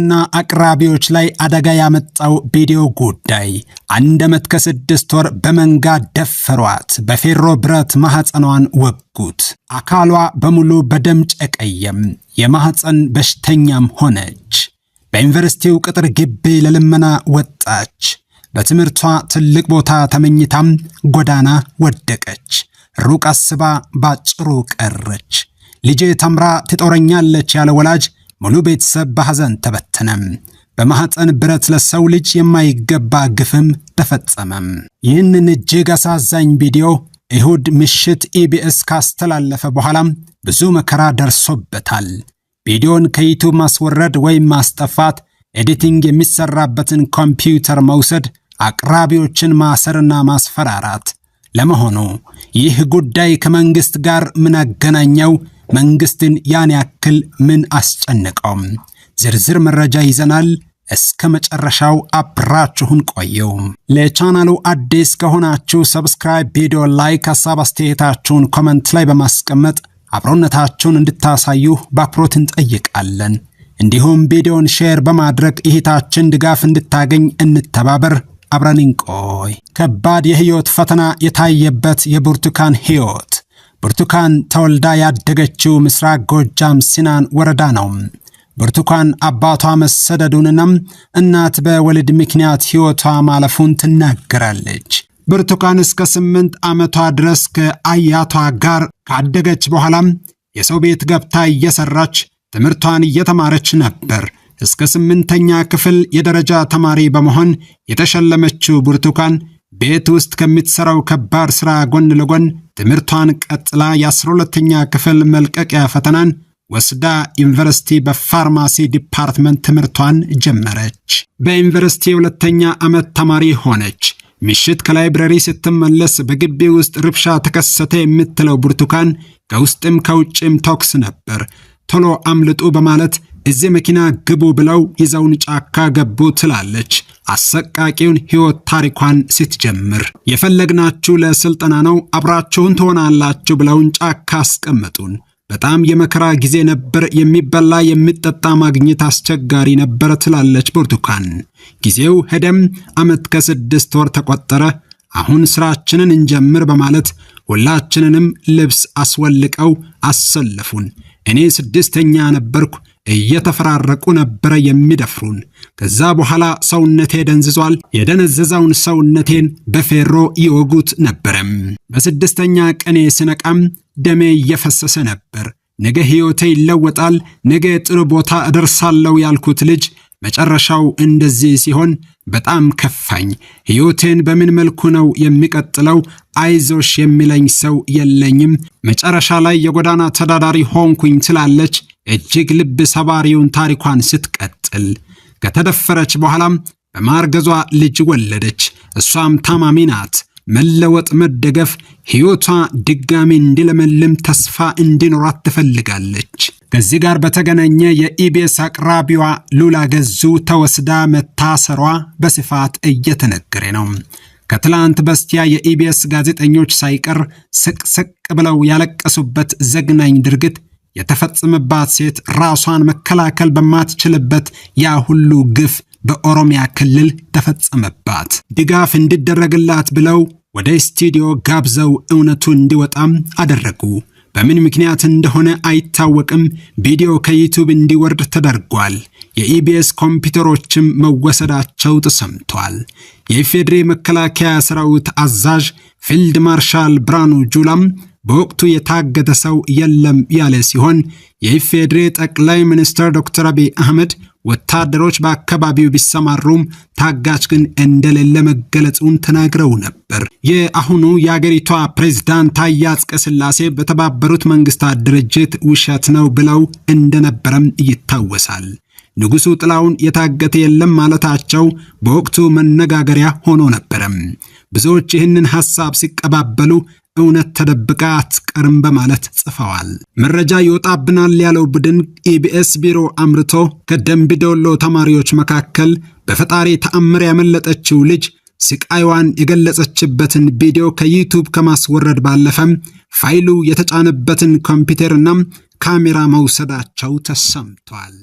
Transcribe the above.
እና አቅራቢዎች ላይ አደጋ ያመጣው ቪዲዮ ጉዳይ አንድ ዓመት ከስድስት ወር በመንጋ ደፈሯት፣ በፌሮ ብረት ማህጸኗን ወጉት። አካሏ በሙሉ በደም ጨቀየም፣ የማህጸን በሽተኛም ሆነች። በዩኒቨርሲቲው ቅጥር ግቢ ለልመና ወጣች። በትምህርቷ ትልቅ ቦታ ተመኝታም ጎዳና ወደቀች። ሩቅ አስባ ባጭሩ ቀረች። ልጄ ተምራ ትጦረኛለች ያለ ወላጅ ሙሉ ቤተሰብ በሐዘን ተበተነም። በማኅፀን ብረት ለሰው ልጅ የማይገባ ግፍም ተፈጸመም። ይህንን እጅግ አሳዛኝ ቪዲዮ እሁድ ምሽት ኢቢኤስ ካስተላለፈ በኋላም ብዙ መከራ ደርሶበታል። ቪዲዮን ከዩቱብ ማስወረድ ወይም ማስጠፋት፣ ኤዲቲንግ የሚሰራበትን ኮምፒውተር መውሰድ፣ አቅራቢዎችን ማሰርና ማስፈራራት። ለመሆኑ ይህ ጉዳይ ከመንግሥት ጋር ምን አገናኘው? መንግስትን ያን ያክል ምን አስጨነቀውም? ዝርዝር መረጃ ይዘናል። እስከ መጨረሻው አብራችሁን ቆዩ። ለቻናሉ አዲስ ከሆናችሁ ሰብስክራይብ፣ ቪዲዮ ላይክ፣ ሀሳብ አስተያየታችሁን ኮመንት ላይ በማስቀመጥ አብሮነታችሁን እንድታሳዩ በአክብሮት እንጠይቃለን። እንዲሁም ቪዲዮን ሼር በማድረግ እህታችን ድጋፍ እንድታገኝ እንተባበር። አብረን እንቆይ። ከባድ የህይወት ፈተና የታየበት የብርቱካን ህይወት ብርቱካን ተወልዳ ያደገችው ምስራቅ ጎጃም ሲናን ወረዳ ነው። ብርቱካን አባቷ መሰደዱንናም እናት በወሊድ ምክንያት ሕይወቷ ማለፉን ትናገራለች። ብርቱካን እስከ ስምንት ዓመቷ ድረስ ከአያቷ ጋር ካደገች በኋላም የሰው ቤት ገብታ እየሰራች ትምህርቷን እየተማረች ነበር። እስከ ስምንተኛ ክፍል የደረጃ ተማሪ በመሆን የተሸለመችው ብርቱካን ቤት ውስጥ ከምትሰራው ከባድ ሥራ ጎን ለጎን ትምህርቷን ቀጥላ የ12ተኛ ክፍል መልቀቂያ ፈተናን ወስዳ ዩኒቨርሲቲ በፋርማሲ ዲፓርትመንት ትምህርቷን ጀመረች። በዩኒቨርሲቲ የሁለተኛ ዓመት ተማሪ ሆነች። ምሽት ከላይብረሪ ስትመለስ በግቢ ውስጥ ርብሻ ተከሰተ የምትለው ብርቱካን ከውስጥም ከውጭም ተኩስ ነበር። ቶሎ አምልጡ በማለት እዚህ መኪና ግቡ ብለው ይዘውን ጫካ ገቡ ትላለች። አሰቃቂውን ሕይወት ታሪኳን ስትጀምር የፈለግናችሁ ለስልጠና ነው፣ አብራችሁን ትሆናላችሁ ብለውን ጫካ አስቀመጡን። በጣም የመከራ ጊዜ ነበር። የሚበላ የሚጠጣ ማግኘት አስቸጋሪ ነበር ትላለች ብርቱካን። ጊዜው ሄደም ዓመት ከስድስት ወር ተቆጠረ። አሁን ስራችንን እንጀምር በማለት ሁላችንንም ልብስ አስወልቀው አሰለፉን። እኔ ስድስተኛ ነበርኩ። እየተፈራረቁ ነበረ የሚደፍሩን። ከዛ በኋላ ሰውነቴ ደንዝዟል። የደነዘዛውን ሰውነቴን በፌሮ ይወጉት ነበረም። በስድስተኛ ቀኔ ስነቃም ደሜ እየፈሰሰ ነበር። ነገ ሕይወቴ ይለወጣል፣ ነገ ጥሩ ቦታ እደርሳለሁ ያልኩት ልጅ መጨረሻው እንደዚህ ሲሆን በጣም ከፋኝ። ሕይወቴን በምን መልኩ ነው የሚቀጥለው? አይዞሽ የሚለኝ ሰው የለኝም። መጨረሻ ላይ የጎዳና ተዳዳሪ ሆንኩኝ ትላለች እጅግ ልብ ሰባሪውን ታሪኳን ስትቀጥል ከተደፈረች በኋላም በማርገዟ ልጅ ወለደች። እሷም ታማሚ ናት። መለወጥ፣ መደገፍ፣ ሕይወቷ ድጋሚ እንዲለመልም ተስፋ እንዲኖራት ትፈልጋለች። ከዚህ ጋር በተገናኘ የኢቢኤስ አቅራቢዋ ሉላ ገዙ ተወስዳ መታሰሯ በስፋት እየተነገረ ነው። ከትላንት በስቲያ የኢቢኤስ ጋዜጠኞች ሳይቀር ስቅስቅ ብለው ያለቀሱበት ዘግናኝ ድርጊት የተፈጸመባት ሴት ራሷን መከላከል በማትችልበት ያ ሁሉ ግፍ በኦሮሚያ ክልል ተፈጸመባት። ድጋፍ እንዲደረግላት ብለው ወደ ስቱዲዮ ጋብዘው እውነቱ እንዲወጣም አደረጉ። በምን ምክንያት እንደሆነ አይታወቅም። ቪዲዮ ከዩቱብ እንዲወርድ ተደርጓል። የኢቢኤስ ኮምፒውተሮችም መወሰዳቸው ተሰምቷል። የኢፌዴሪ መከላከያ ሰራዊት አዛዥ ፊልድ ማርሻል ብርሃኑ ጁላም በወቅቱ የታገተ ሰው የለም ያለ ሲሆን የኢፌዴሪ ጠቅላይ ሚኒስትር ዶክተር አብይ አህመድ ወታደሮች በአካባቢው ቢሰማሩም ታጋች ግን እንደሌለ መገለጹን ተናግረው ነበር። የአሁኑ የአገሪቷ ፕሬዝዳንት ታዬ አጽቀሥላሴ በተባበሩት መንግስታት ድርጅት ውሸት ነው ብለው እንደነበረም ይታወሳል። ንጉሱ ጥላውን የታገተ የለም ማለታቸው በወቅቱ መነጋገሪያ ሆኖ ነበረም። ብዙዎች ይህንን ሐሳብ ሲቀባበሉ እውነት ተደብቃ አትቀርም በማለት ጽፈዋል። መረጃ ይወጣብናል ያለው ቡድን ኢቢኤስ ቢሮ አምርቶ ከደምቢ ዶሎ ተማሪዎች መካከል በፈጣሪ ተአምር ያመለጠችው ልጅ ስቃይዋን የገለጸችበትን ቪዲዮ ከዩቱብ ከማስወረድ ባለፈም ፋይሉ የተጫነበትን ኮምፒውተርና ካሜራ መውሰዳቸው ተሰምቷል።